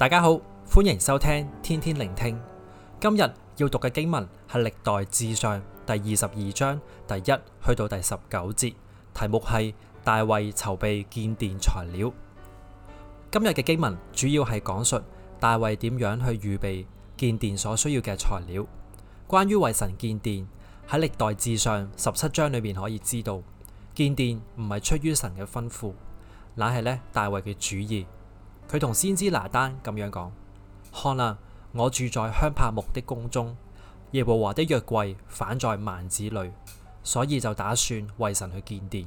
大家好，歡迎收聽天天聆聽。今日要讀嘅經文係《歷代志上》第二十二章第一去到第十九節，題目係大衛籌備建殿材料。今日嘅經文主要係講述大衛點樣去預備建殿所需要嘅材料。關於為神建殿，喺《歷代志上》十七章裏面可以知道，建殿唔係出於神嘅吩咐，乃係呢大衛嘅主意。佢同先知拿單咁樣講：看啦，我住在香柏木的宮中，耶和華的約櫃反在幔子裏。所以就打算為神去建殿。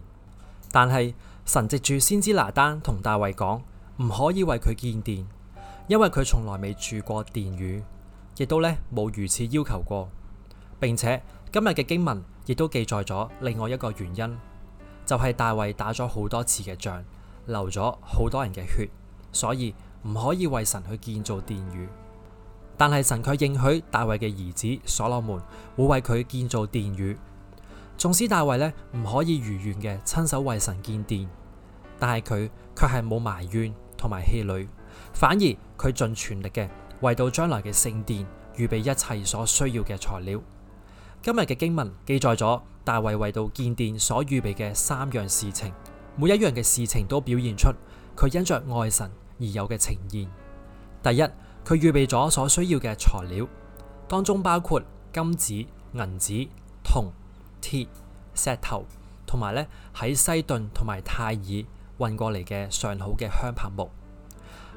但係神藉住先知拿單同大衛講，唔可以為佢建殿，因為佢從來未住過殿宇，亦都咧冇如此要求過，並且今日嘅經文亦都記載咗另外一個原因，就係大衛打咗好多次嘅仗，流咗好多人嘅血。所以唔可以為神去建造殿宇，但係神卻應許大衛嘅兒子所羅門會為佢建造殿宇。縱使大衛呢唔可以如願嘅親手為神建殿，但係佢卻係冇埋怨同埋氣餒，反而佢盡全力嘅為到將來嘅聖殿預備一切所需要嘅材料。今日嘅經文記載咗大衛為到建殿所預備嘅三樣事情，每一樣嘅事情都表現出佢因着愛神。而有嘅呈現，第一，佢預備咗所需要嘅材料，當中包括金子、銀子、銅、鐵、石頭，同埋咧喺西頓同埋泰爾運過嚟嘅上好嘅香柏木。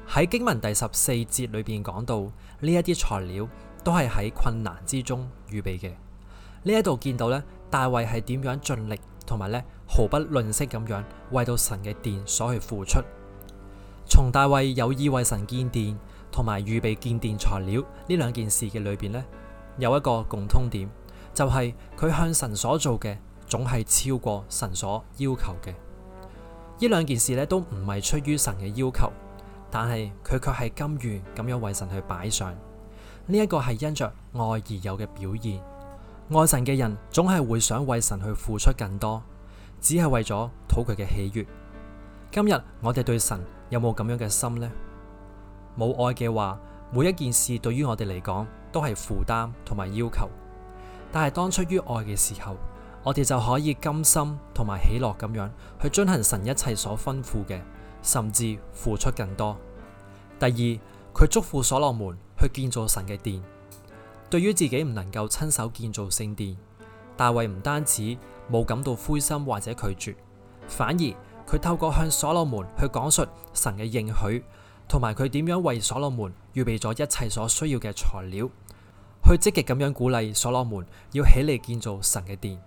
喺經文第十四節裏邊講到，呢一啲材料都係喺困難之中預備嘅。呢一度見到咧，大衛係點樣盡力，同埋咧毫不吝嗇咁樣為到神嘅殿所去付出。從大衛有意為神建殿，同埋預備建殿材料呢兩件事嘅裏邊，呢有一個共通點，就係、是、佢向神所做嘅總係超過神所要求嘅。呢兩件事呢都唔係出於神嘅要求，但係佢卻係甘願咁樣為神去擺上呢一、這個係因着愛而有嘅表現。愛神嘅人總係會想為神去付出更多，只係為咗討佢嘅喜悅。今日我哋對神有冇咁樣嘅心呢？冇愛嘅話，每一件事對於我哋嚟講都係負擔同埋要求。但係當出於愛嘅時候，我哋就可以甘心同埋喜樂咁樣去遵行神一切所吩咐嘅，甚至付出更多。第二，佢囑咐所羅門去建造神嘅殿。對於自己唔能夠親手建造聖殿，大衛唔單止冇感到灰心或者拒絕，反而。佢透過向所羅門去講述神嘅應許，同埋佢點樣為所羅門預備咗一切所需要嘅材料，去積極咁樣鼓勵所羅門要起嚟建造神嘅殿。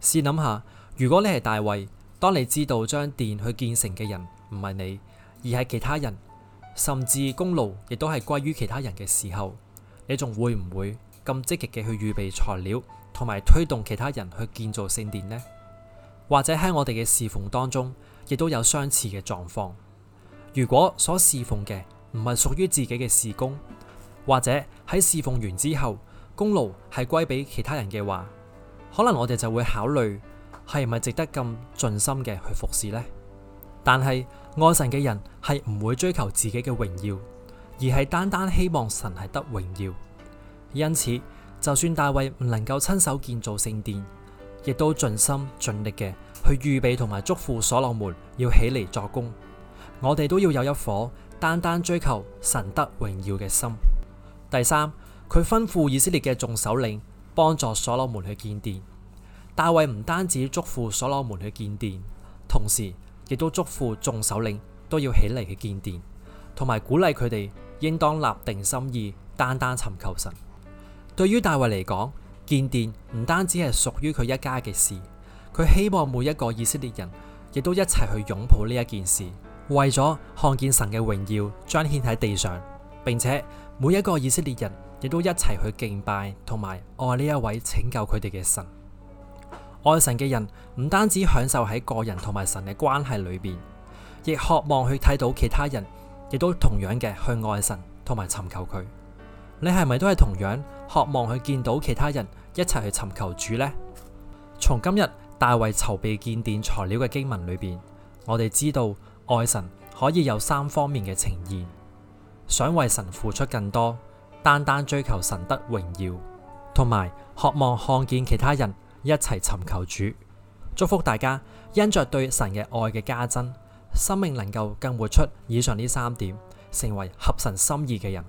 試諗下，如果你係大衛，當你知道將殿去建成嘅人唔係你，而係其他人，甚至功勞亦都係歸於其他人嘅時候，你仲會唔會咁積極嘅去預備材料，同埋推動其他人去建造聖殿呢？或者喺我哋嘅侍奉當中，亦都有相似嘅狀況。如果所侍奉嘅唔係屬於自己嘅事工，或者喺侍奉完之後，功勞係歸俾其他人嘅話，可能我哋就會考慮係唔係值得咁盡心嘅去服侍呢？但係愛神嘅人係唔會追求自己嘅榮耀，而係單單希望神係得榮耀。因此，就算大衛唔能夠親手建造聖殿。亦都盡心盡力嘅去預備同埋囑咐所羅門要起嚟作工，我哋都要有一顆單單追求神得榮耀嘅心。第三，佢吩咐以色列嘅眾首領幫助所羅門去建殿。大衛唔單止囑咐所羅門去建殿，同時亦都囑咐眾首領都要起嚟去建殿，同埋鼓勵佢哋應當立定心意，單單尋求神。對於大衛嚟講，建殿唔單止係屬於佢一家嘅事，佢希望每一個以色列人亦都一齊去擁抱呢一件事，為咗看見神嘅榮耀彰顯喺地上，並且每一個以色列人亦都一齊去敬拜同埋愛呢一位拯救佢哋嘅神。愛神嘅人唔單止享受喺個人同埋神嘅關係裏邊，亦渴望去睇到其他人亦都同樣嘅去愛神同埋尋求佢。你係咪都係同樣渴望去見到其他人一齊去尋求主呢？從今日大衛籌備建殿材料嘅經文裏邊，我哋知道愛神可以有三方面嘅呈現：想為神付出更多，單單追求神得榮耀，同埋渴望看見其他人一齊尋求主。祝福大家，因着對神嘅愛嘅加增，生命能夠更活出以上呢三點，成為合神心意嘅人。